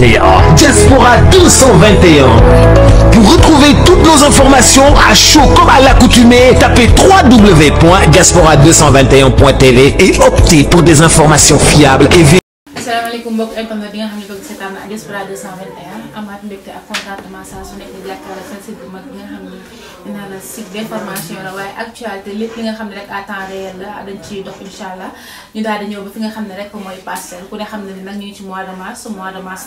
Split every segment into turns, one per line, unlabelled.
221. Diaspora 221. Pour retrouver toutes nos informations à chaud comme à l'accoutumée, tapez www.diaspora221.tv et optez pour des informations et
asalaamaaleykum mbokk internet yi nga xam ne bëgg seetaan na naa la site d'information la waaye actualité lépp li nga xam ne rek à temps réel la dañ ciy dox incha allah ñu daal di ñëw ba fi nga xam ne rek mooy Parcelles ku ne xam ne nag ñu ngi ci mois de mars mois de mars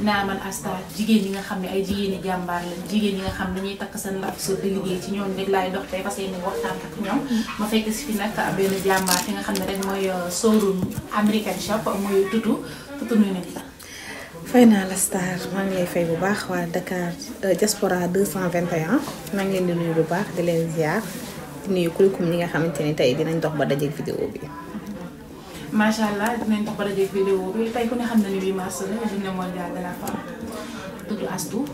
nga xam ne ay jigéen jàmbaar lañ jigéen yi nga xam ne dañuy takk seen laaf suuf di liggéey ci ñoom rek laay dox tey parce que yéen waxtaan nga xam ne rek mooy euh, showroom American shop muy la fay naa la star maa ngi lay
fay bu baax waa Dakar euh, diaspora 221 maa ngi leen di nuyu bu baax di leen ziar di nuyu kulikum ñi nga xamante ni tey dinañ dox ba dajeeg vidéo bi.
macha allah dinañ bi tey ku ne xam na ni mars la nga xam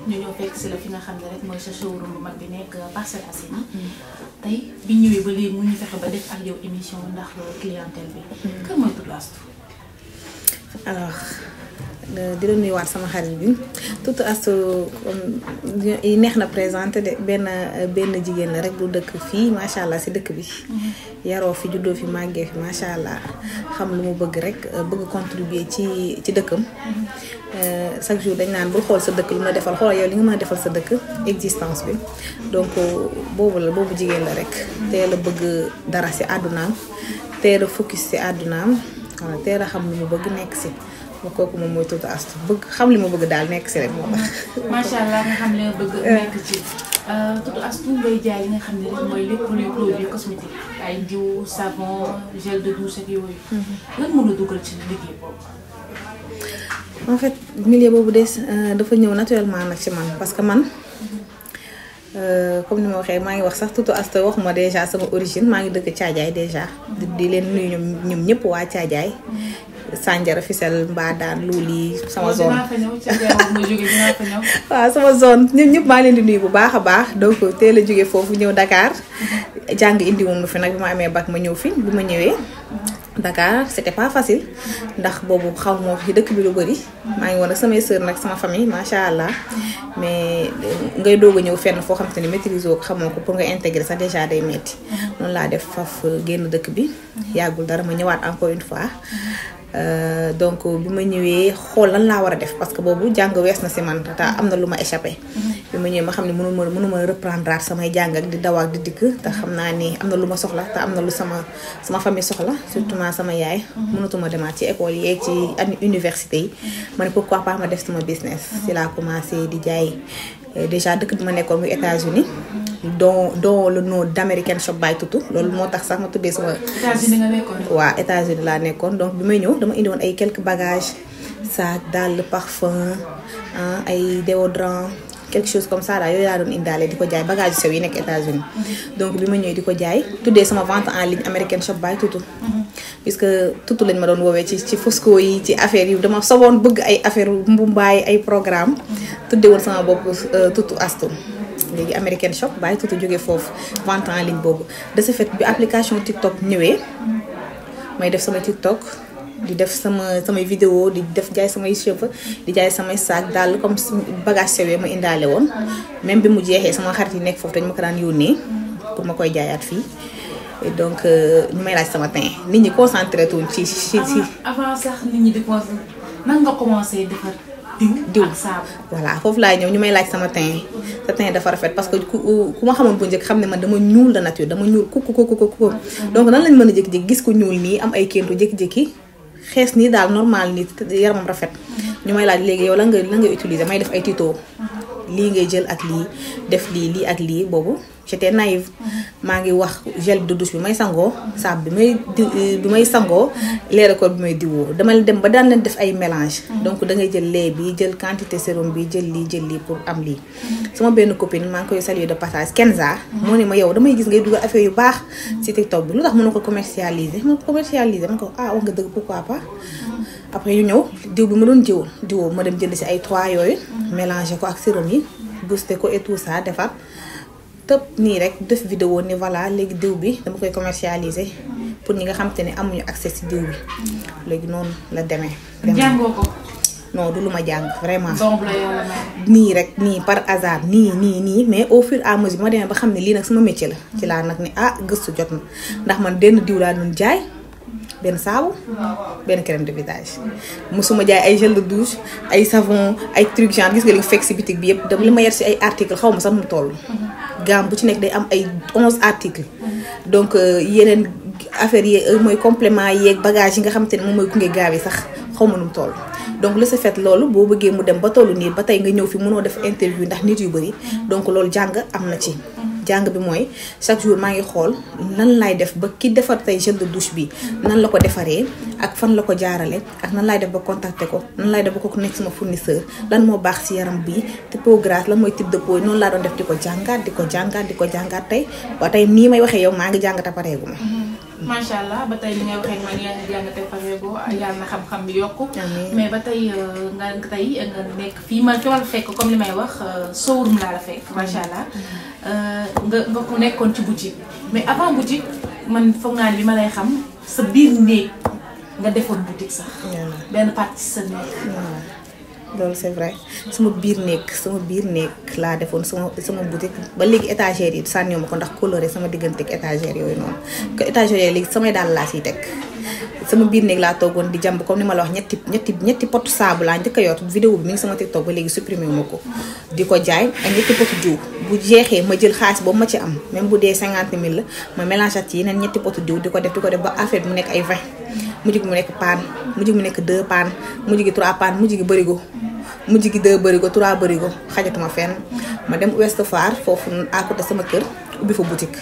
ne rek mooy sa showroom mu mag bi nekk Parcelles Assainies. Mm. bi ñëwee ba léegi ak yow émission ndax clientèle bi. Mm. kan mooy tudd Astou.
alors. Euh, di la nuyuwaat sama xarit bi Toutou euh, Astou neex na présenté de benn euh, benn jigéen la rek bu dëkk fii macha allah si dëkk bi. Mm-hmm. yaroo fi juddoo fi màggee fi macha allah xam lu mu bëgg rek bëgg contribuer ci ci dëkkam. Mm-hmm. chaque jour dañ naan bul xool sa dëkk lu ma defal xoolal yow li nga mën a defal sa dëkk existence bi donc boobu la boobu jigéen la rek. Mm-hmm. teel bëgg dara si àddunaam teel a focus si àddunaam teel a xam lu mu bëgg nekk si. ma kooku moom mooy Toto Astou bëgg xam li ma bëgg daal nekk si rek
macha allah xam li ma bëgg nekk ci. Euh, Toto Astou ngay jaay nga xam lépp luy produit ay diw savon gel de douche mhm. boobu.
en fait milieu boobu des euh, dafa ñëw naturellement nag ci man parce que man. Mhm. Euh, comme ni ma waxee maa ngi wax sax Toto Astou wax ma déjà sama origine maa ngi dëkk Caajaay déjà di leen nuyu ñoom ñoom ñëpp waa Caajaay Sandiara Fissel Mbadaan lii sama zone waaw sama zone ñun ñëpp maa leen di nuyu bu baax a baax donc teel a jóge foofu ñëw dakaar mhm. jàng indi woon ma fi nag bi ma amee bac ma ñëw fi bi ma ñëwee mhm. Dakar c'était pas facile mhm. ndax boobu xaw moo wax dëkk bi lu bëri maa ngi woon ak samay sœur nag sama famille macha allah mais ngay doog a ñëw fenn foo xam te ne maîtrise ko xamoo ko pour nga intégrer sax déjà day metti noonu laa def faf génn dëkk bi yàggul dara ma ñëwaat encore une Euh, donc bi ma ñëwee xool lan laa war a def parce que boobu jàng wees na si man te am na lu ma échappé. Mhm. bi ma ñëwee ma xam ne mënu ma mënu ma reprendre samay jàng ak di daw di dikk te xam naa ni am na lu ma soxla te am na lu sama sama famille soxla surtout mhm. ma sama yaay. Mhm. mënatuma demaat ci école yi ci université yi. ma ne pourquoi pas ma def suma business. si laa commencé di jaay. Euh, déjà dëkk bi ma nekkoon muy États-Unis doo dont le nom d'American Shop by Toutou loolu moo tax sax ma tuddee sama. États-Unis nga nekkoon. waaw États-Unis laa nekkoon donc bi may ñëw dama indi woon ay quelques bagages sac dàll parfum ah, ay déodorant quelque chose comme ça daal yooyu laa doon indaale di ko jaay bagage sew yi nekk États-Unis donc bi ma ñëwee di ko jaay tuddee sama vente en ligne American Shop by Tutu puisque Tutu lañ ma doon woowee ci ci Fosco yi ci dama soboon bëgg ay affaire mbumbaay ay programme tuddee woon sama bopp euh, Tutu Astu léegi American Shop by Tutu jógee foofu vente en ligne boobu de ce fait bi application TikTok ñëwee may def sama TikTok di def sama samay vidéo di def jaay samay cheveux di jaay samay sac daal comme bagage sewee ma indaale woon même bi mu jeexee sama xarit yi nekk foofu dañ ma ko daan yónnee ma koy jaayaat fii donc euh, ñu may laaj sama teint nit ñi concentré tuñ ci ci ci.
avant sax nit ñi di concentré nan nga commencé defar
diw voilà laay ñëw ñu may laaj sama teint sa teint dafa rafet parce que ku ku ma xamoon bu njëkk xam ne man dama ñuul la nature dama ñuul ku ku ku ku ah, donc na lañ mën a jékki-jékki gis ko ñuul am ay kéntu jékki xees nii daal normal nit yaramam rafet. Mhm. ñu may laaj léegi yow lan nga lan nga utiliser may def ay tito mhm. lii ngay jël ak lii def lii lii ak lii boobu j'étais naïve maa ngi wax gel de douche bi may sangoo saabu bi may di bi may sangoo lait de corps bi may diwoo dama dem ba daan leen def ay mélange donc da ngay jël lait bi jël quantité sérum bi jël lii jël li pour am lii sama benn copine maa ngi koy saluer de passage Kenza moo ne ma yow damay gis ngay dugal affaire yu baax si TikTok bi lu tax mënu ko commercialiser ma commercialiser ma ko ah wax nga dëgg pourquoi pas après yu ñëw diw bi ma doon jiw diwoo ma dem jënd si ay trois yooyu mélangé ko ak sérum yi boosté ko et tout ça defar tëb nii rek def vidéo ni voilà léegi diw bi dama koy commercialiser pour ñi nga xam te ne amuñu accès ci diw bi léegi noonu la demee. jàngoo ko. du lu ma jàng vraiment. nii rek nii par hasard nii nii nii mais au fur et à mesure ma demee ba xam ne lii nag sama métier la. ci laa nag ni ah gëstu jot na ndax man benn diw laa jaay. benn saabu benn crème de visage mosuma jaay ay gel de douche ay savon ay truc genre gis nga li fekk bitig bi yëpp dama li ma yer si ay article xaw ma sax mu toll. gamme bu ci nekk day am ay onze articles donc euh, yeneen affaires yi euh, mooy complément yeeg bagage yi nga xamante ne moom mooy gunge gaaw yi sax xaw ma nu mu donc lu sa fait loolu boo bëggee mu dem ba tollu nii ba tey nga ñëw fi mënoo def interview ndax nit yu bari donc loolu jàng am na ci jàng bi mooy chaque jour maa ngi xool nan laay def ba ki defar tey gel de douche bi nan la ko defaree ak fan la ko jaarale ak nan laay def ba contacter ko nan laay def ba ko nekk sama fournisseur lan moo baax si yaram bi te peau grasse lan mooy type de peau noonu laa doon def di ko jàngaat di ko jàngaat di ko jàngaat tey ba tey nii may waxee yow maa ngi jàng te pareegu
macha allah ba tey li ngay waxee man yaa ngi jàng te pareegoo yàlla na xam-xam bi yokku. mais ba tey euh, nga tey euh, nga nekk fii ma cool fekk comme li may wax euh, showroom laa la fekk macha allah. nga nga ko nekkoon ci boutique mais avant boutique man foog naa bi ma lay xam sa biir néeg nga defoon boutique sax. benn partie sa néeg. loolu c'est vrai sama biir
néeg sama biir néeg laa defoon sama sama boutique ba léegi étagère yi sànniwu ma ko ndax coloré sama digganteeg étagère yooyu noonu que étagère yooyu léegi samay daal laa siy teg sama biir néeg laa toogoon di jàmb comme ni ma la wax ñetti ñetti ñetti potu saabu laa njëkk a yor vidéo bi mi ngi sama TikTok ba léegi supprimé ma ko di ko jaay ak ñetti potu diw bu jeexee ma jël xaalis boobu ma ci am même bu dee cinquante mille la ma mélange ci yeneen ñetti potu diw di ko def ko def ba affaire mu nekk ay mujj gi mu nekk paan mu gi mu nekk deux paan mujj gi trois paan mujj gi bërigo mujj gi deux bërigo trois bërigo xajatuma fenn ma dem Ouest Foire foofu à côté sama kër ubbi fa boutique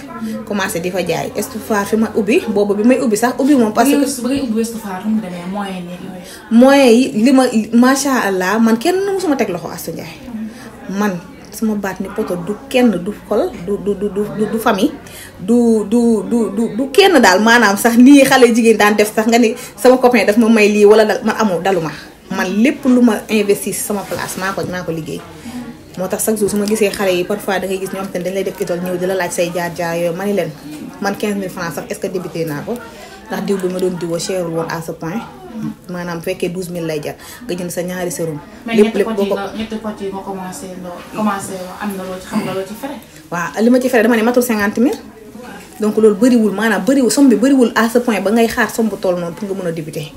commencé di fa jaay Ouest Foire fi ma ubbi boobu bi may ubbi sax ubbi moom. parce que ba ngay ubbi Ouest li ma macha allah man kenn mësuma teg loxo Astou Ndiaye man. sama baat ni poto du kenn du xol du du du du du famille du du du du du kenn daal maanaam sax nii xale jigéen daan def sax nga ni sama copain daf ma may lii wala dal man amul dalu ma man lépp lu ma investir sama place maa ko maa ko liggéey. moo tax chaque su ma gisee xale yi parfois da ngay gis ñoom tamit dañ lay def idole ñëw di la laaj say jaar jaar yooyu ma ni leen man 15000 francs sax est-ce que débuté naa ko. ndax diw bi ma doon diwoo cherul woon à ce point. maanaam bu fekkee 12000 lay jar nga jënd sa ñaari sérum. lépp lépp boo ko
am na xam nga
waaw li ma ci fere dama ne matul 50000. donc loolu bëriwul maanaam bëriwul somme bi bëriwul à ce point ba ngay xaar somme bu toll noonu pour nga mën a débuter.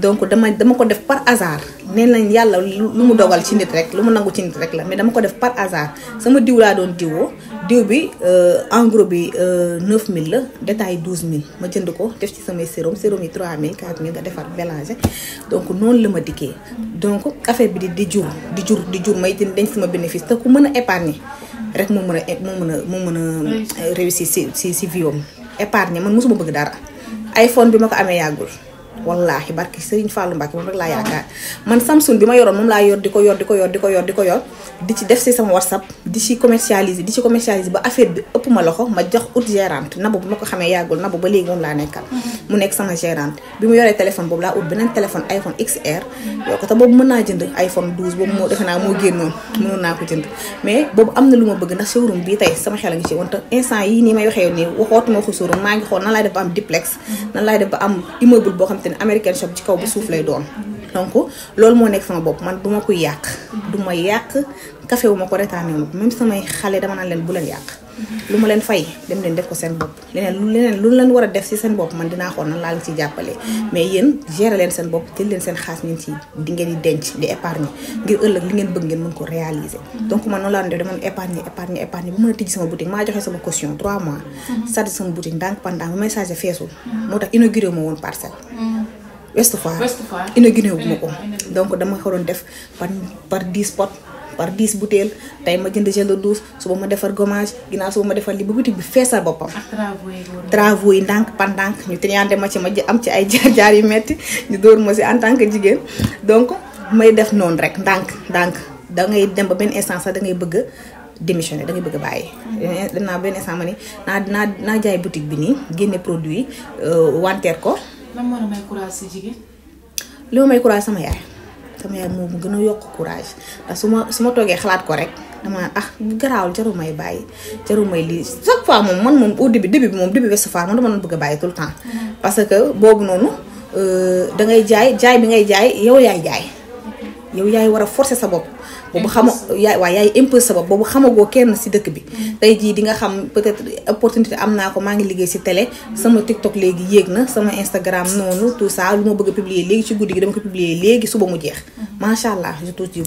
donc dama dama ko def par hasard. nee nañ yàlla lu mu dogal ci nit rek lu mu nangu ci rek la mais dama ko def par hasard sama diw laa doon diwoo. diw bi euh, en gros bi 9000 euh, la détail 12000 ma jënd ko def ci samay sérum sérum yi 3000 4000 nga defar mélangé donc noonu la ma dikkee donc affaire bi di di jur di jur di jur may jën denc sama bénéfice te ku mën a épargne rek moo mën a moo mën a moo mën a réussir si si si épargne am épargner man mosuma bëgg dara iPhone bi ma ko amee yàggul. wallaahi barki Serigne Fallou Mbacke moom rek laa yaakaar man Samsung bi ma yoroon moom laa yor di ko yor di ko yor di ko yor di ci def si sama whatsapp di ci commercialiser ba affaire bi ëpp ma loxo ma jox ut gérante nabu bu ma ko xamee yàggul nabu ba léegi moom laa nekkal mhm. mu nekk sama gérante bi mu yoree téléphone boobu laa ut beneen téléphone iPhone XR yoo ko te boobu mën naa jënd iPhone boobu moo defe naa moo génnoon mënoon naa ko jënd mais boobu am na xamante ne American shop ci kaw ba suuf lay doon donc loolu moo nekk sama bopp man du ma koy yàq du ma yàq ko retaane wu même samay xale leen bu leen ma leen fay dem ko seen bopp leneen lu leneen lu leen war def si seen bopp man dinaa xool nan laa leen ci mais yéen leen seen bopp leen seen xaas ngeen ci di ngeen di denc di épargne ngir ngeen bëgg ngeen mën ko réaliser donc noonu laa def dama épargne épargne épargne bu mën a tijji sama boutique maa joxe sama caution 3 mois sati mhm. sama boutique ndànk pendant bu may changé feesul moo tax inauguré ma woon parcelle mhm. Ouest Foire Ouest Foire inauguré wu ma ko donc dama ko doon def par par dix pot par dix butéel tey ma jënd gel de douche ba ma defar gommage ginnaaw suba ma defar li ba boutique bi feesal boppam. travaux yi ndànk par ndànk ñu triandé ma ci ma am ci ay jaar jaar yu metti ñu dóor ma si en tant que jigéen donc may def noonu rek ndànk ndànk da ngay dem ba benn instant sax da ngay bëgg démissionné da ngay bëgg a bàyyi. Mhm. danaa benn instant ma ni naa naa naa jaay boutique bi nii génne produit euh, wanteer ko.
lan moo la may courage
li ma may courage sama yar sama yaay moom gën a yokk courage ndax su ma su ma toogee xalaat ko rek dama ah garaawul jarul may bàyyi jarul may lii chaque fois moom man moom au début début bi moom début bi sa man dama doon bëgg a bàyyi tout le temps. Mm-hmm. parce que boobu noonu euh, da ngay jaay jaay bi ngay jaay yow yaay jaay. Mm-hmm. yow yaay war a forcer sa bopp. boobu xama yaay waaw yaay impose sa bopp boobu xamagoo kenn si dëkk bi mm. tey jii di nga xam peut-être opportunité am naa ko maa ngi liggéey si télé sama TikTok léegi yéeg na sama Instagram noonu tout ça lu ma bëgg a publier léegi ci guddi gi dama ko publier léegi suba mu jeex mm. macha allah je touche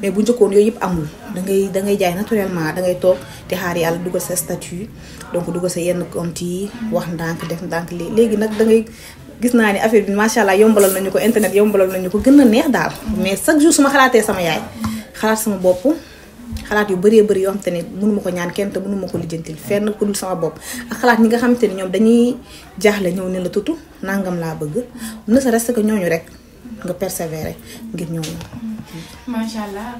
mais bu njëkkoon yooyu yëpp amul dangay da ngay jaay naturellement da ngay toog te xaar yàlla dugal sa statut donc dugal sa yenn compte yi mm. wax ndànk def ndànk léegi nag da ngay gis naa ni affaire bi macha allah yombalal nañu ko internet yombalal nañu ko gën a neex daal mais chaque jour su ma xalaatee sama xalaat sama bopp xalaat yu bëree bëri yoo xam te ne mënuma ko ñaan kenn te mënuma ko lijjantil fenn ku dul sama bopp ak xalaat ñi nga xam te ne ñoom dañuy jaaxle ñëw ne la tutu nangam laa bëgg na sa reste ñooñu rek nga persévérer ngir ñooñu.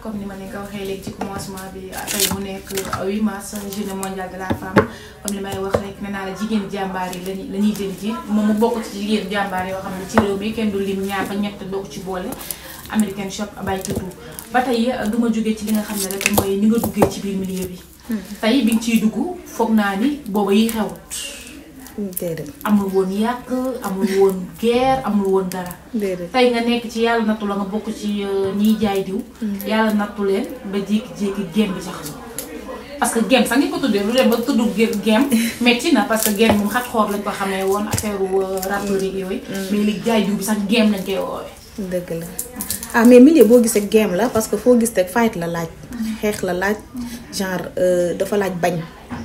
comme ni ma leen ko waxee léegi bi tey mu nekk 8 mars journée mondiale de la femme comme li may wax rek naa la jigéen jàmbaar yi lañuy lañuy dénc moom mu bokk ci jigéen jàmbaar yoo xam ne ci réew mi kenn du lim ñaar ba ñett doo ko ci boole American Shop bay tutu. ba tey euh, du ma jógee ci li nga xam ne rek mooy ni nga duggee ci biir milieu bi. Hmm. tey bi nga ciy dugg foog naa ni booba yi xewut. amul woon yàq amul woon guerre amul woon dara. tey nga nekk ci yàlla nattu la nga bokk ci euh, ñiy jaay diw. Hmm. yàlla nattu leen ba jékki-jékki gem bi sax parce que gem sax ni ko tuddee lu dem ba tudd gem metti na parce que gem moom xat xoor lañ ko ne woon affaire euh, rappeur yi yooyu. Hmm. mais li jaay diw bi sax gem lañ koy woowee. dëgg la
ah mais milieu boo gisee ak game la parce que foo gis teg fight la laaj. xeex la laaj genre euh, dafa laaj bañ.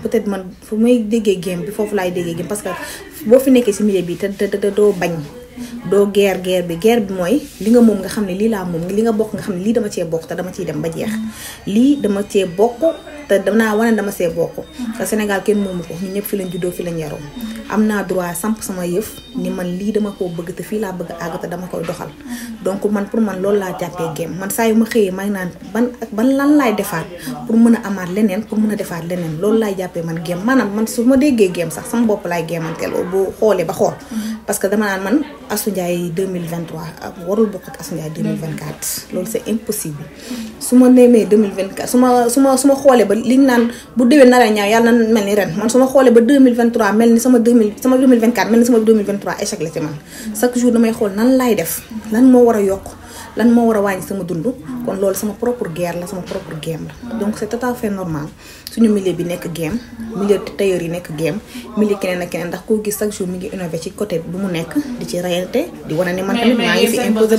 peut ête man fu may déggee game bi foofu laay déggee game parce que boo fi nekkee ci milieu bi te te te doo bañ. doo geer guerre bi geer bi mooy li nga moom nga xam ne lii laa moom li nga bokk nga xam ne lii dama cee bokk te dama ciy dem ba jeex. lii dama cee bokk te dama naa wane dama see bokk. Mm-hmm. te Sénégal kenn moomu ko ñun ñëpp fi lañ juddoo fi lañ yaroo. Mm-hmm. am naa droit samp sama yëf ni man lii dama koo bëgg te fii laa bëgg àgg te dama koy doxal mm-hmm. donc man pour man loolu laa jàppee gémm man a amaat leneen pour mën a defaat leneen loolu laay jàppee man gémm maanaam man su ma déggee gémm sax sama bopp laay gémmanteel bu xoolee ba xool parce dama naan man Astou Ndiaye 2023 warul bokk ak Astou Ndiaye 2024 loolu c'est impossible su ma neemee 2024 su ma su ma su ma xoolee li naan bu déwén nar a ñaaw yàlla mel ni ren man su ma xoolee ba 2023 mel ni sama 2000 sama 2024 mel ni sama 2023 échec la ci man chaque jour damay xool nan laay def lan moo war a yokk lan moo war sama dund kon loolu sama propre guerre la sama propre game la donc c'est tout à fait suñu milieu bi nekk game milieu tailleur yi nekk game milieu keneen ak keneen ndax koo gis chaque jour mi ngi innové ci côté bu mu nekk di ci rayante di wane ne man tamit maa ngi fi imposé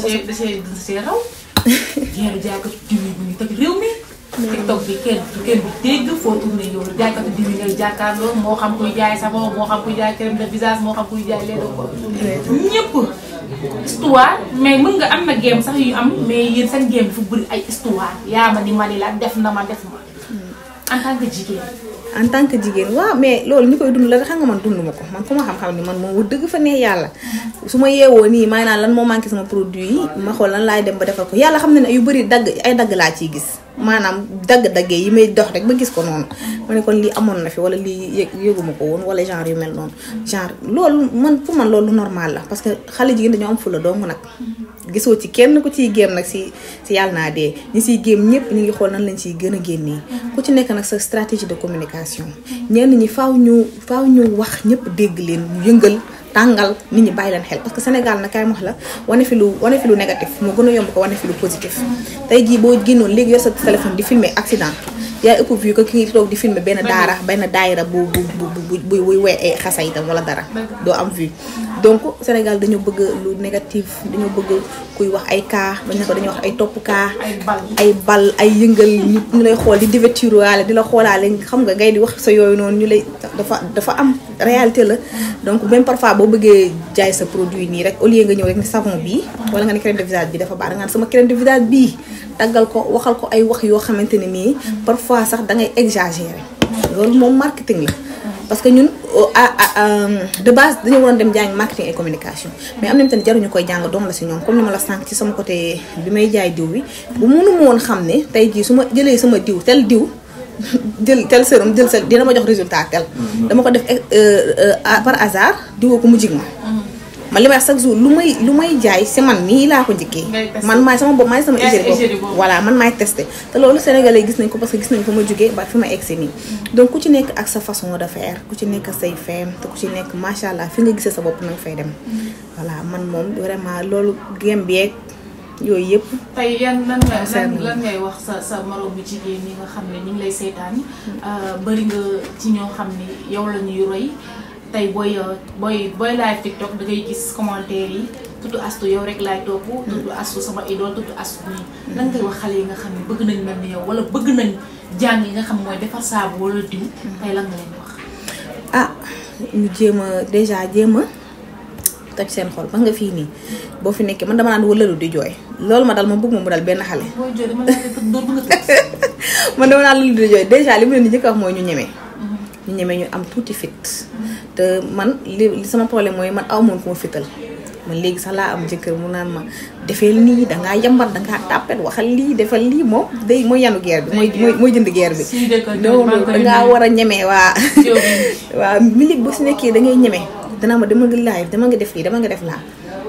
TikTok bi kër kër bi dégg jàkkaarloo moo xam kuy jaay savon moo xam kuy jaay moo xam kuy jaay ko mais mën nga am na game sax yu am mais yéen seen game bi fu bëri ay histoire ma ni ma ni def na ma def ma en tant que jigéen
en tant jigéen waaw mais loolu ñu koy dund la xam nga man dund ko man ku ma xam-xam ni man moom dëgg fa neex yàlla su ma yeewoo nii maanaam lan moo manqué sama produit yi ma xool lan laay dem ba defal ko yàlla xam ne ne yu bëri dagg ay dagg laa ciy gis maanaam dagg-daggee yi may dox rek ba gis ko noonu ma ne kon lii amoon na fi wala lii yëguma ko woon wala genre yu mel noonu genre loolu man pour man loolu normal la parce que xale jigéen dañoo am fula doom nag gisoo ci kenn ku ci géem nag si si yàlla naa dee ñi siy géem ñëpp ñu ngi xool nan lañ ci gën a génnee ku ci nekk nag sa stratégie de communication ñenn ñi faw ñu faw ñu wax ñëpp dégg leen ñu yëngal tàngal nit ñi bàyyi leen xel parce que Sénégal na kaay ma wax la wane fi lu wane fi lu négatif moo gën a yomb ko wane fi lu positif. tey jii boo génnoon léegi yor sa téléphone di filmer accident yaay ëpp view ko kii ngi toog di filmer benn daara benn daayira bu bu bu buy woy ay xasa itam wala dara doo am view donc Sénégal dañu bëgg lu négatif dañu bëgg kuy wax ay cas bañ na ko dañuy wax ay topp cas. ay bal ay bal ay yëngal ñu lay xool di dévêturaale di la xoolaale xam nga gay di wax sa yooyu noonu ñu lay dafa dafa am réalité la. donc même parfois boo bëggee jaay sa produit nii rek au lieu nga ñëw rek ne savon bii. wala nga ne crème de visage bi dafa baax da nga sama crème de visage bii. taggal ko waxal ko ay wax yoo xamante ne nii. parfois sax da ngay exagérer. loolu moom marketing la. parce que ñun euh, euh, de base dañu waroon dem jàng marketing et communication mais am nañu tamit jaruñu koy jàng doom la si ñoom comme ni ma la sànq ci sama côté bi may jaay diw bi bu mënu ma woon xam ne tey jii su ma jëlee sama diw tel diw jël tel sérum jël sa dina ma jox résultat tel mm-hmm. dama ko def euh, par hasard diwoo ko mu jig ma mm-hmm. man li may wax chaque jour lu may lu may jaay si man nii laa ko njëkkee
man maay sama bopp maay sama hygiène bopp voilà
man maay testé te loolu sénégalais gis nañ ko parce que gis nañ fa ma jógee ba fi ma egg si nii mm. donc ku ci nekk ak sa façon de ku ci nekk say feem ku ci nekk macha allah fi gisee sa bopp nanga fay dem mm. voilà man moom vraiment loolu gém yooyu yëpp.
tey yan lan nga lan ngay wax sa sa moroom bu jigéen ñi nga xam ne ñu ngi lay seetaan mm. euh, bëri nga ci ñoo xam ni yow la ñuy roy tey booy euh, booy booy live TikTok da ngay gis commentaire yi tutu astu yow rek laay topp. tutu astu sama idole tutu astu nii. Mm. lan ngay wax xale yi nga xam ne bëgg nañ mel ni yow wala bëgg nañu jàng yi nga xam mooy defar saabu wala diw. Mm. tey lan nga leen wax. ah
ñu jéem a dèjà jéem a toj seen xool ba nga fii nii boo fi nekkee man dama naan wëlalu di jooy loolu ma dal ma bëgg ma mu dal benn xale.
booy jooy dama
man dama naan wëlalu di jooy dèjà li mu leen di njëkk mooy ñu ñeme. ñu ñemee ñu am tuuti fit te man li sama problème mooy man aw moon ko ma fital man léegi sax laa am jëkkër mu naan ma defee nii dangaa yambar dangaa tàppet waxal lii defal lii moom day mooy yanu guerre bi mooy mooy jënd guerre bi
non dangaa war
a ñemee waa waa milig boo si nekkee da ngay ñemee danaa ma dama nga live dama nga def lii dama nga def laa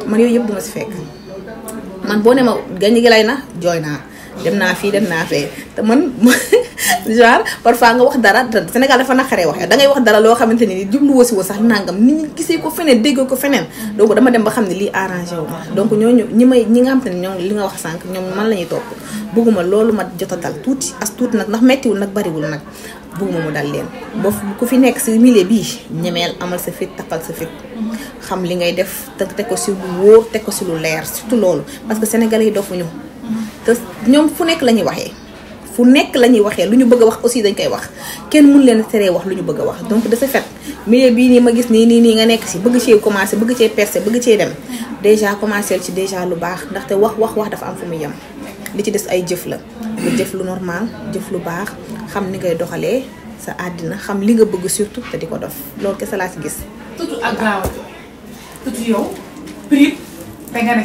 man yooyu yëpp du si fekk man boo ne ma gañi gi na jooy naa dem naa fii dem naa fee te man genre parfois nga wax dara Sénégal dafa naqaree wax yow dangay wax dara loo xamante ni jubluwoo si woo sax nangam nit gisee ko feneen déggoo ko feneen donc dama dem ba xam ne lii arrangé wu ma donc ñooñu ñi may ñi nga xam ne ñoom li nga wax sànq ñoom man lañuy ñuy topp bëgguma loolu ma jot a dal tuuti as tuuti nag ndax mettiwul nag bariwul nag bëgguma mu dal leen ba ku fi nekk si milieu bii ñemeel amal sa fit tappal sa fit xam li ngay def te teg ko si lu wóor teg ko si lu leer surtout loolu parce que sénégalais yi dofuñu te ñoom fu nekk la ñuy waxee fu nekk la ñuy waxee lu ñu bëgg a wax aussi dañ koy wax kenn mun leen teree wax lu ñu bëgg a wax donc de ce fait milieu bii nii ma gis nii nii nii nga nekk si bëgg cee commencé bëgg cee percé bëgg cee dem déjà commencé ci déjà lu baax ndaxte wax wax wax dafa am fu muy yem li ci des ay jëf la jëf lu normal jëf lu baax xam ni ngay doxalee sa àddina xam li nga bëgg surtout te di ko dof loolu kese laa si
gis. tutu ak gaaw tutu yow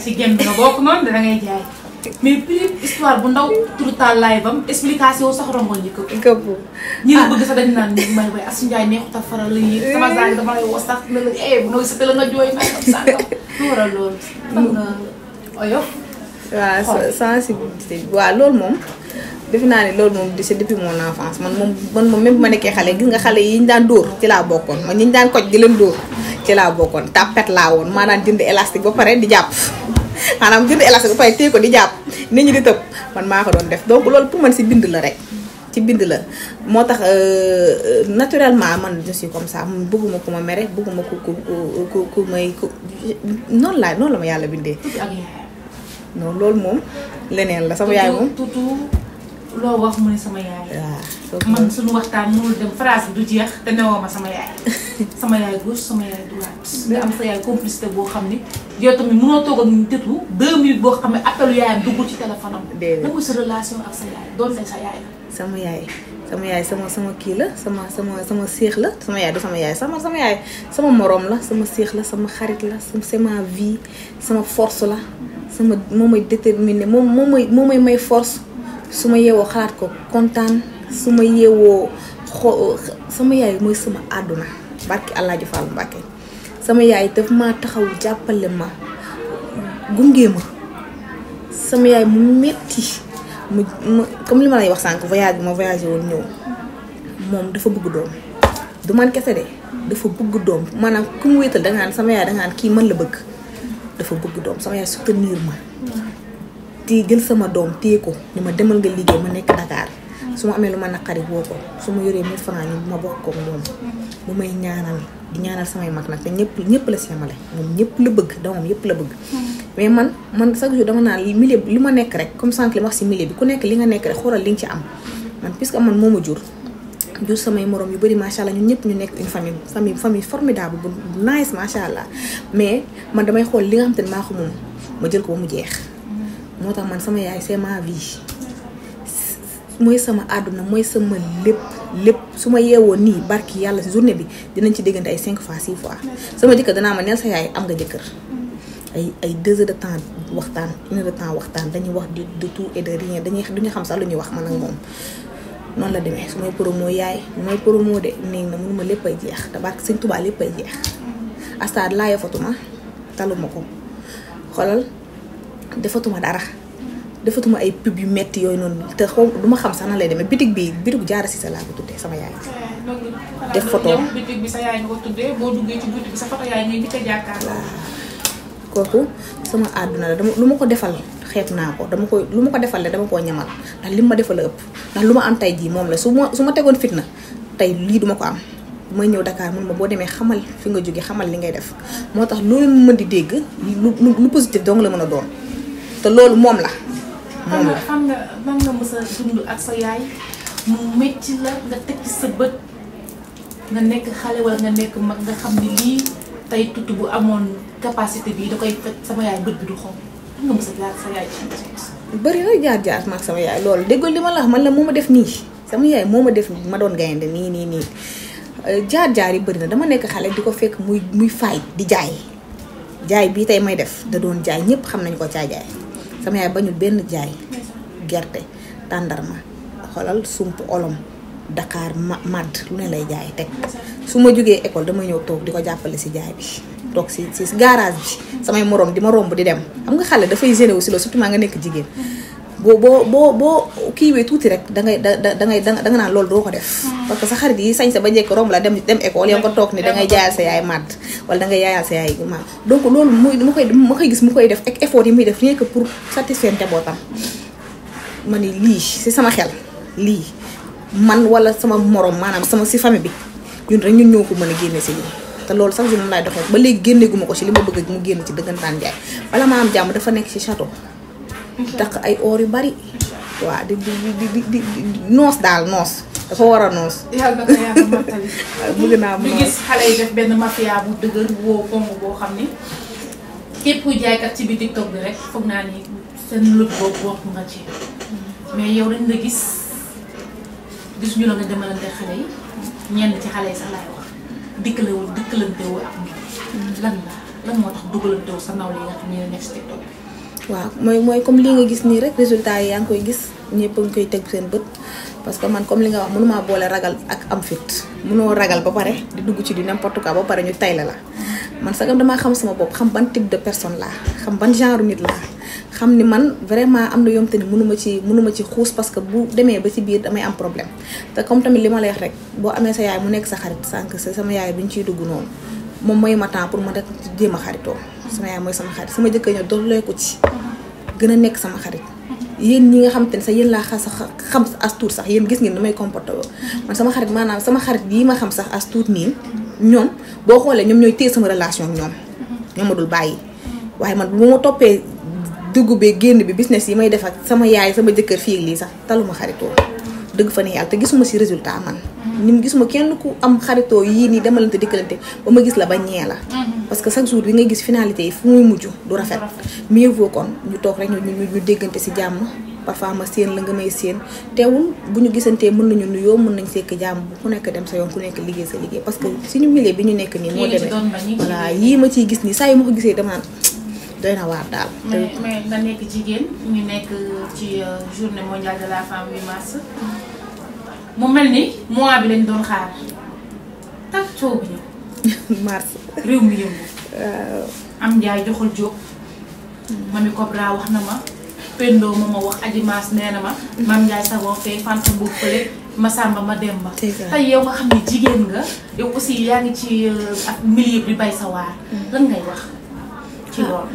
si génn mais plus histoire bu ndaw turu taal laay bam explication sax rombal ñi ko. këpp ñi la ah. bëgg sax dañu naan may way Asou Ndiaye a faral eh. la yéen sama saa yi sa la nga jooy ma sàngam lu waral loolu. am na oyof.
waaw sensibilité loolu moom. defe naa ne loolu moom c'est depuis mon man moom man moom même bu ma nekkee xale gis nga xale yi ñu daan dóor ci laa bokkoon man ñu daan koj di leen dóor ci laa bokkoon tàppet laa woon maa daan jënd élastique ba pare di jàpp. maanaam jënd élastique ba pare téye ko di jàpp nit ñi di tëb man maa ko doon def donc loolu pour man si bind la rek ci bind la moo tax euh, euh, naturellement man je suis comme ça bëgguma ku ma mere bëgguma ku ku ku ku may ku noonu laa noonu la ma yàlla bindee non loolu moom leneen la sama yaay moom
loo wax mu ne sama yaay. waaw man waxtaan mënul dem phrase du jeex te newoo ma sama yaay. sama yaay gauche sama yaay droite. nga am sa yaay complicité boo xam ni. yow tamit mënoo toog ak ñu boo xam ne appelu yaayam duggul ci téléphone am. déedéet lan mooy sa sama
yaay sama kii la sama sama sama séex la sama yaay du sama yaay sama sama sama moroom la sama séex la sama xarit la sama sama vie sama force la. sama moo may déterminé moom moo may moo may may force su ma yeewoo xalaat ko kontaan su ma yeewoo xo sama yaay mooy sama àdduna barki El Hadj Fall sama yaay daf maa taxaw jàppale ma gunge ma sama yaay mu metti mu comme li ma lay wax sànq voyage bi ma voyagé woon ñëw moom dafa bëgg doom du man kese de dafa bëgg doom maanaam ku mu wéetal da ngaan sama yaay da ngaan kii man la bëgg dafa bëgg doom sama yaay soutenir ma di jël sama doom téye ko ni ma demal nga liggéey ma nekk Dakar su ma amee lu ma naqari woo ko su ma yoree mille francs ñu ma bokk ko moom mu may ñaanal di ñaanal samay mag nag te ñëpp ñëpp la siamale moom ñëpp la bëgg doomam yëpp la bëgg mais man man chaque jour dama naan milieu li ma nekk rek comme sànq li ma wax si milieu bi ku nekk li nga nekk rek xoolal li nga ci am man puisque man moo ma jur jur samay moroom yu bëri macha allah ñun ñëpp ñu nekk une famille famille famille formidable bu nice macha allah mais man damay xool li nga xam te maa ko moom ma jël ko ba mu jeex moo tax man sama yaay c'est ma vie mooy sama àdduna mooy sama lépp lépp su ma yeewoo nii barki yàlla si journée bi dinañ ci déggante ay cinq fois six fois sama jëkkër danaa ma neel sa yaay am nga jëkkër ay ay deux de temps waxtaan une waxtaan dañuy wax de tout et de rien dañuy duñu xam sax lu ñuy wax man ak moom noonu la demee su may promo yaay mooy promo de néeg na mënuma lépp ay jeex te barki sëñ Tuubaa lépp ay jeex astaad laa yafatuma taluma ko xolal defatuma dara defatuma ay pub yu metti yooyu noonu te xaw du ma xam sax nan lay demee bitig bi bitig jaara si sa laa ko tuddee sama yaay.
def photo yow sa yaay nga ko tuddee boo
kooku sama àdduna la dama lu ma ko defal xeet naa ko dama koy lu ma ko defal la dama koo ñamal ndax li ma defal la ëpp ndax lu ma am tey jii moom la su ma su ma tegoon fitna tey lii duma ko am. may ñëw dakaar mun ma boo demee xamal fi nga jógee xamal li ngay def moo tax loolu ma di dégg lu lu positif dong la mën a doon te loolu moom la.
xam nga xam nga nan nga mës a dund ak sa yaay mu métti la nga teg sa bët nga nekk xale wala nga nekk mag nga xam ni lii tey tuuti bu amoon capacité bii da koy sama yaay bët bi du xom xam nga mës jaar
bëri na jaar jaar maag loolu déggoo li ma la man la moo ma def nii sama yaay moo ma def ma doon gaynde nii nii nii euh, jaar jaar yi bari na dama nekk xale di ko fekk muy muy faay di jaay jaay bii tey may def da doon jaay ñëpp xam nañ ko caa jaay. sama yaay bañul benn jaay gerte tàndarma xolal sump olom Dakar màdd lu ne lay jaay teg su ma jógee école dama ñëw toog di ko jàppale si jaay bi toog si si garage bi samay moroom di ma romb di dem xam nga xale dafay génne wu si loolu surtout maa nga nekk jigéen boo boo boo boo kiiwee tuuti rek da ngay da da ngay da nga naan loolu doo ko def. Hmm. parce que sa xarit yi sañ sa ba njëkk romb la dem dem école yow nga toog ni da ngay jaayal sa yaay màdd wala da ngay yaayal sa yaay maam donc loolu muy mu koy ma koy gis mu koy def ak effort yi muy def rien que pour satisfaire njabootam ma ni lii sama xel lii man wala sama morom maanaam sama si famille bi ñun rek ñun ñoo ko mën a génne si ñun. te loolu sax si noonu laay doxee ba léegi génne gu ma ko si li ma bëgg mu génn ci dëggantaan jaay bala maa am jàmm dafa nekk si château. takk ay or yu bari
waaw di di di di di
noos daal noos dafa war a noos. yàlla na naa
mu benn mafia bu dëgër boo xam ni képp kuy jaaykat ci bi rek foog naa ni seen lëb yow dañ la gis gis ñu la nga demalante xale yi mm. moo tax dugalante wu sa nawle yi nga nekk ci TikTok bi.
waaw mooy mooy comme li nga gis nii rek résultat yi yaa ngi koy gis ñëpp a koy teg seen bët parce que man comme li nga wax mënumaa boole ragal ak am fit mënoo ragal ba pare di dugg ci di n'importe quoi ba pare ñu tay la la man sagam damaa xam sama bopp xam ban type de personne laa xam ban genre nit laa xam ni man vraiment am na yomb te ni mënuma ci mënuma ci xuus parce que bu demee ba ci biir damay am problème te comme tamit li ma lay wax rek boo amee sa yaay mu nekk sa xarit sànq sa sama yaay bi ñu ciy dugg noonu moom mooy ma temps ma rek jéem xaritoo sama yaay mooy sama xarit sama jëkkër doolu dooleel ko ci. gën a nekk sama xarit. yéen ñi nga xam te ne sax yéen laa xa sax xam as sax yéen gis ngeen nu may comporté woo man sama xarit maanaam sama xarit yi ma xam sax as tuut nii ñoom boo xoolee ñoom ñooy téye sama relation ak ñoom ñoom ma dul bàyyi waaye man bu ma toppee dugg bi génn bi business yi may def ak sama yaay sama jëkkër fii lii sax taluma xaritoo dëgg fa ne yàlla te gisuma si résultat man ni mu gisuma kenn ku am xaritoo yii nii demalante dikkalante ba ma gis la ba ñee la parce que chaque jour di ngay gis finalité yi fu muy mujj du rafet mieux vaut kon ñu toog rek ñu ñu déggante si jàmm parfois ma séen la nga may séen teewul bu ñu gisantee mën nañu nuyoo mën nañ sekk jàmm ku nekk dem sa yoon ku nekk liggéey sa liggéey parce que ñu milieu bi ñu nekk nii moo demee voilà yii ma ciy gis nii saa yi ma ko gisee damaa doy na waar daal
jigéen ñu nekk ci euh, journée mondiale de la femme mm. bi lañ doon mars réew mi yëngu. waaw euh. am njaay joxul jóg. mami Cobra wax na ma. Pendo ma ma wax Adji Mass nee na ma. Mm-hmm. maam Ndiaye Savon fee Fanta Mbour fële Massamba ma dem ba. tey yow nga xam ne jigéen nga. yow aussi yaa ngi ci euh, ak milieu bi bay sa waar. Mm-hmm. lan ngay wax ci lool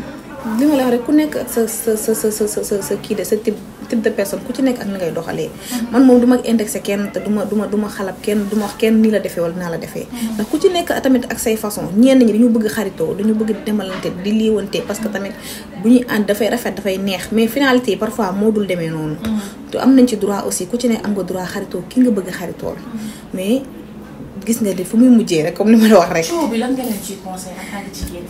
li ma la wax rek ku nekk ak sa
sa sa sa sa sa kii de sa type type de personne ku ci nekk ak na ngay doxalee. Mm-hmm. man moom du ma indexé kenn te duma duma du ma xalab kenn du ma kenn nii la defee wala naa la defee. Mm-hmm. ndax ku ci nekk tamit ak say façon ñenn ñi dañu bëgg xaritoo dañu bëgg demalante di liiwante parce que tamit bu ñuy ànd dafay rafet dafay neex mais finalité yi parfois moo dul demee noonu. Mm-hmm. te am nañ ci droit aussi ku ci nekk am nga droit xaritoo ki nga bëgg xaritoo mais. gis nga de fu muy mujjee rek comme ni ma la wax rek. show
bi lan nga leen ciy conseil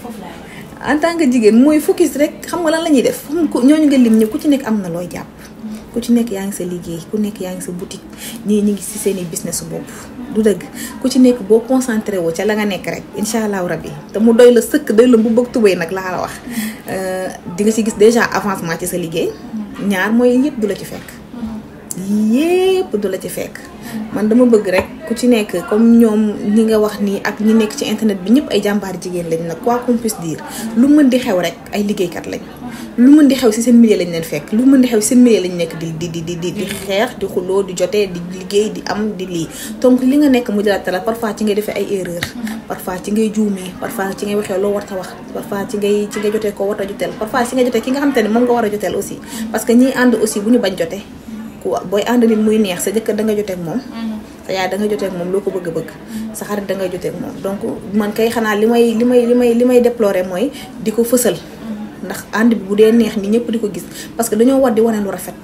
foofu laay
en tant que jigéen mooy focus rek xam nga lan la ñuy def ñooñu nga lim ñëpp ku ci nekk am na looy jàpp. ku ci nekk yaa ngi sa liggéey ku nekk yaa ngi sa boutique nii ñu ngi si seen i business bopp du dëgg ku ci nekk boo concentré woo ca la nga nekk rek incha allahu rabbi te mu doy la sëkk doy la bu bëgg tubéy nag laa la wax euh, di nga si gis déjà avancement ci sa liggéey ñaar mooy yëpp du la ci fekk yëpp du la ci fekk man dama bëgg rek ku ci nekk comme ñoom ñi nga wax nii ak ñi nekk ci internet bi ñëpp ay jàmbaar jigéen lañ nag quoi qu'on puisse dire lu mën di xew rek ay liggéeykat lañ lu mën di xew si seen milieu lañ leen fekk lu mën di xew si seen milieu lañ nekk di di di di di xeex di xuloo di jotee di liggéey di am di lii donc li nga nekk mu jëlaat la parfois ci ngay defee ay erreur parfois ci ngay juumee parfois ci ngay waxee loo warta wax parfois ci ngay ci ngay jotee ko warta joteel parfois ci ki nga xam ne moom nga war a joteel aussi parce que ñiy ànd aussi bu ñu bañ jotee ku booy ànd nit muy neex sa jëkkër da nga moom mhm. sa yaay da nga moom loo ko bëgg-bëgg sa xarit da nga joteeg moom donc man kay xanaa li may li may li may li may déplorer mooy di ko fësal mhm. ndax ànd bi bu dee neex ni ñëpp di ko gis parce que dañoo war di wane lu rafet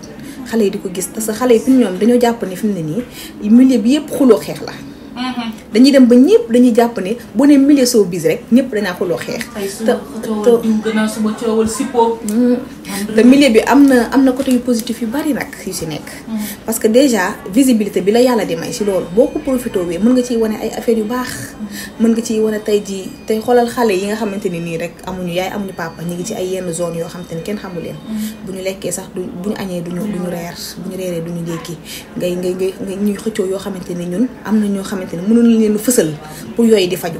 xale yi di ko gis parce que xale yi fi ñoom dañoo jàpp ne fi mu ne nii milieu bi yëpp xuloo xeex la mhm. dañuy dem ba ñëpp dañuy jàpp ne bu ne milieu soo bis rek ñëpp danaa xuloo xeex
te te
te milieu bi am na am na côté yu positif yu bari nag yu si nekk. Mm-hmm. parce que déjà visibilité bi la yàlla di may si loolu boo ko profité bi mën nga ciy wane ay affaires yu baax. Mm-hmm. mën nga ciy wane tey jii tey xoolal xale yi nga xamante ni nii rek amuñu yaay amuñu papa ñu ngi ci ay yenn zone yoo xamante ni kenn xamu leen. Mm-hmm. bu ñu lekkee sax du bu ñu añee duñu duñu reer bu ñu reeree duñu lekki ngay ngay ngay ñuy xëccoo yoo xamante ni ñun am na ñoo xamante ni mënuñu leen fësal pour yooyu di faju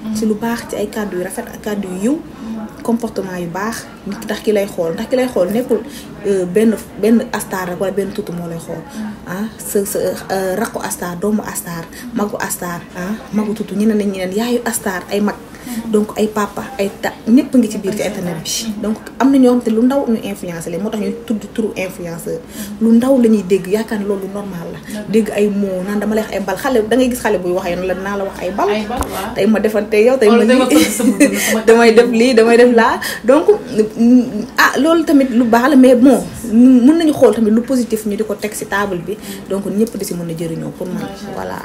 si lu baax ci ay kàddu yu rafet ak kàddu yu yiw comportement yu baax ndax ki lay xool ndax lay xool nekkul euh, benn benn astar rek benn tutu moo lay xool ah sa sa euh, rakku doomu astar magu astar ah magu tutu ñeneen ñeneen yaayu astar ay mag donc ay papa ay ta ñëpp ngi ci biir ci internet bi donc am na ñoo te lu ndaw ñu influencé leen moo tax ñuy tudd turu influenceur lu ndaw la ñuy dégg yaakaar ne loolu normal la dégg ay moo naan dama lay ay bal xale da ngay xale buy wax la naa la wax ay bal tey ma defante yow tey ma damay def lii damay def laa donc ah loolu tamit lu baax la mais bon mën nañu xool tamit lu positif ñu di ko teg si table bi mm. donc ñëpp di si mën a jëriñoo pour man voilà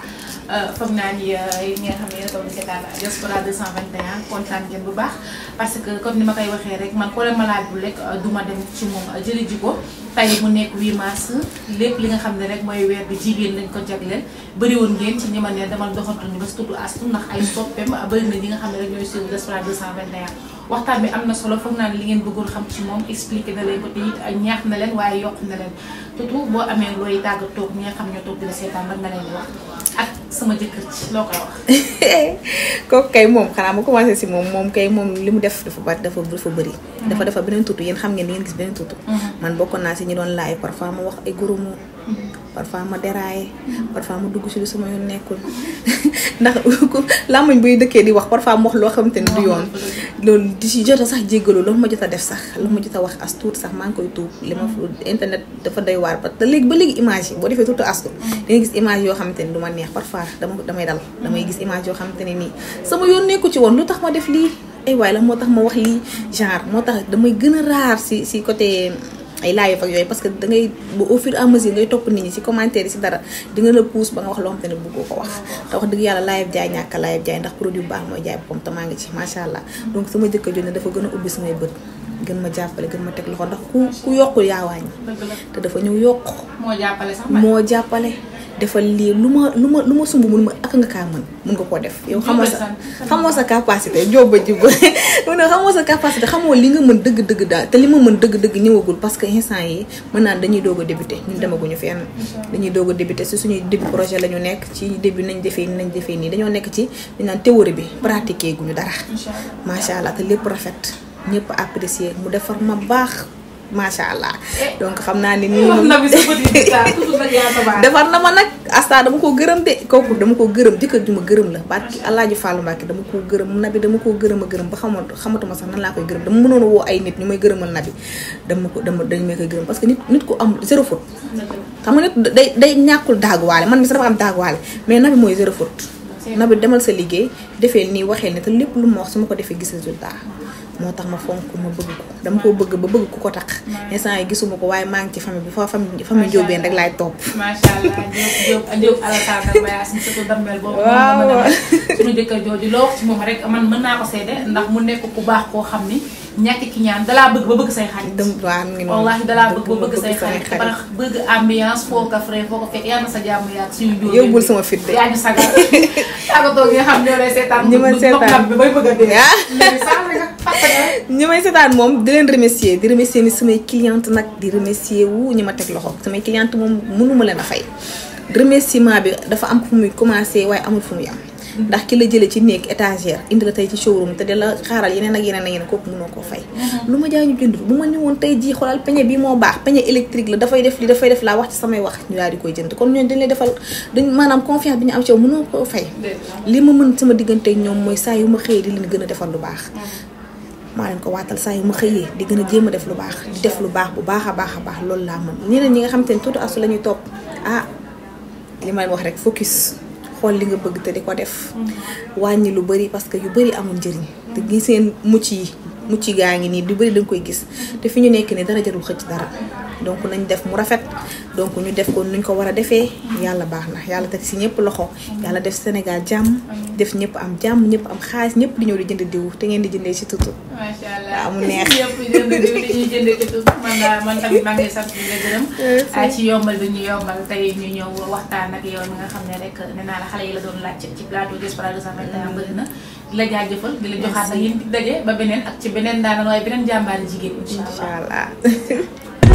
Euh, foog naa ni euh, yéen ñi xam ne yéen a toog di seetaan Diaspora 221 kontaan ngeen bu baax parce que comme ni ma koy waxee rek man ko la bu lekk euh, du ma dem ci moom jëli ji ko tey mu nekk 8 mars lépp li nga xam ne rek mooy weer bi jigéen lañ ko jagleel bëri woon ngeen ci ñi ma ne dama doxantu ñu ba si tudd astu ndax ay soppeem bëri na ñi nga xam ne rek ñooy suivre Diaspora 221 waxtaan bi am na solo foog naa ne li ngeen bëggoon xam ci moom expliqué na leen ko te it ñaax na leen waaye yokk na leen surtout boo amee looy tàggat toog ñi nga xam ñoo toog di la seetaan lan nga leen wax ak sama jëkkër ci loo koy wax.
kooku kay moom xanaa mu commencé si moom moom kay moom li mu def dafa bari dafa dafa bëri. Mhm. dafa dafa beneen tuutu yéen xam ngeen ni ngeen gis beneen tuutu. Mhm. man bokkoon naa si ñu doon laay parfois mu wax ay goromu. parfois ma déraillé parfois ma dugg si lu sama yoon nekkul ndax làmmiñ buy dëkkee di wax parfois mu wax loo xamante ni du yoon loolu di si jot a sax jéggalu loolu ma jot a def sax lu ma jot a wax as tout sax maa ngi koy tuub li ma mm. internet dafa doy ba te léegi ba léegi image yi boo defee tuuti as tuut mm. yoo xamante ni du ma neex parfois damay dal damay gis image yoo xamante ne nii sama yoon nekku ci woon lu tax ma def lii ay waay la moo tax ma wax lii genre moo tax damay gën a raar si ci côté ay live ak yooyu parce que da ngay au fur et à mesure ngay topp nit ñi ci commentaire yi ci dara di nga la pousse ba nga wax loo xam ne bëggoo ko wax te wax dëgg yàlla live jaay ñàkk a live jaay ndax produit bu baax mooy jaay boppam te maa ngi ci macha allah donc sama jëkkër jooju dafa gën a ubbi samay bët gën ma jàppale gën ma teg loxo ndax ku ku yokku yaawaañ te dafa ñëw yokk moo jàppale defal lii lu ma lu ma lu ma sumb mun ma ak nga kaa mën mun nga koo def yow xamoo sa xamoo sa capacité jóoba juba mun na xamoo sa capacité xamoo li nga mën dëgg dëgg daal te li ma mën dëgg dëgg ñëwagul parce que instant yi mën naan dañuy doog a débuté ñun demaguñu fenn dañuy doog a débuté si suñuy début projet la ñu nekk ci début nañ defee nii nañ defee nii dañoo nekk ci dañ naan théorie bi pratiqué guñu dara macha allah te lépp rafet ñëpp apprécier mu defar ma baax macha allah eh. donc xam naa ni ne nii moom defar na ma nag asta dama ko gërëm de kooku dama koo gërëm jëkkër ju ma gërëm la barki Alaaji Fàllu Mbàkke dama ko gërëm nabi dama koo gërëm a gërëm ba xamatu xamatuma sax nan laa koy gërëm dama mënoon woo ay nit ñu may gërëmal nabi dama ko dama dañ may koy gërëm parce que nit nit ku am zéro faute xam nga nit day day ñàkkul daaguwaale man mi sax dafa am daaguwaale mais nabi mooy zéro faute nabi demal sa liggéey defee nii waxee ne te lépp lu ma wax su ma ko defee gis résultat moo tax ma fonk ma bëgg ko dama koo bëgg ba bëgg ku ko tax instant yi gisuma ko waaye maa ngi ci famille bu fa famille famille Njóobeen rek laay topp
macha allah Diop Diop Alassane Mbaye loo wax rek man mën naa ko seede ndax mu nekk ku baax koo xam ni ñàkk ki ñaan dalaa bëgg ba bëgg say xarit wallaahi dalaa bëgg bëgg say xarit baax bëgg ambiance foo ko frais foo ko na sa jàmm yaag suñu jóg yóbbul sama fit de yaa ñu sagal tàggatoo nga xam ñoo lay seetaan bi bay bëgg a dee ah. léegi
ñi may seetaan moom di leen remercier di remercier ni samay cliente nag di remercier wu ñu ma teg loxo samay cliente moom mënuma leen a fay remerciement bi dafa am fu muy commencé waaye amul fu ndax ki la jëlee ci néeg étagère indi la tey ci showroom te di la xaaral yeneen ak yeneen ak yeneen kooku mënoo koo fay mhm. lu ma jaay ñu jënd bu ma ñëwoon tey jii xoolal peñe bi moo baax peñe électrique la dafay def li dafay def laa wax ci samay wax ñu daal di koy jënd kon ñooñu dañ lay defal dañ maanaam confiance bi ñu am ci yow mënoo koo fay li ma mën sama diggante ak ñoom mooy saa yu ma xëyee di leen gën a defal lu baax mhm. maa leen ko waatal saa yi ma xëyee di gën a jéem a def lu baax di def lu baax bu baax a baax a baax loolu laa mën ne ñi nga xam te ne tuuti asu la ñuy topp ah li may wax rek focus xool li nga bëgg te di ko def mm-hmm. wàññi lu bëri parce que yu bëri amul njëriñ te gi seen mucc yi mucc yi gaa ngi nii di bëri da koy gis mm-hmm. te fi ñu nekk nii dara jarul xëcc dara donc nañ def mu rafet donc ñu def ko nuñ ko war a defee yàlla baax na yàlla teg si ñëpp loxo yàlla def Sénégal jàmm def ñëpp am jàmm ñëpp am xaalis ñëpp di ñëw di jënd diw te ngeen di jëndee ci tutu
macha allah mu neex ñëpp jënd diw di sant di ci yombal bi ñu yombal tey ñu ñëw waxtaan ak yow nga xam ne rek ne naa la xale yi la doon laaj ci plateau Diaspora 221 bëri na di la jaajëfal di la joxaat ak yéen di daje ba beneen ak ci beneen daanal waaye beneen jàmbaari jigéen incha allah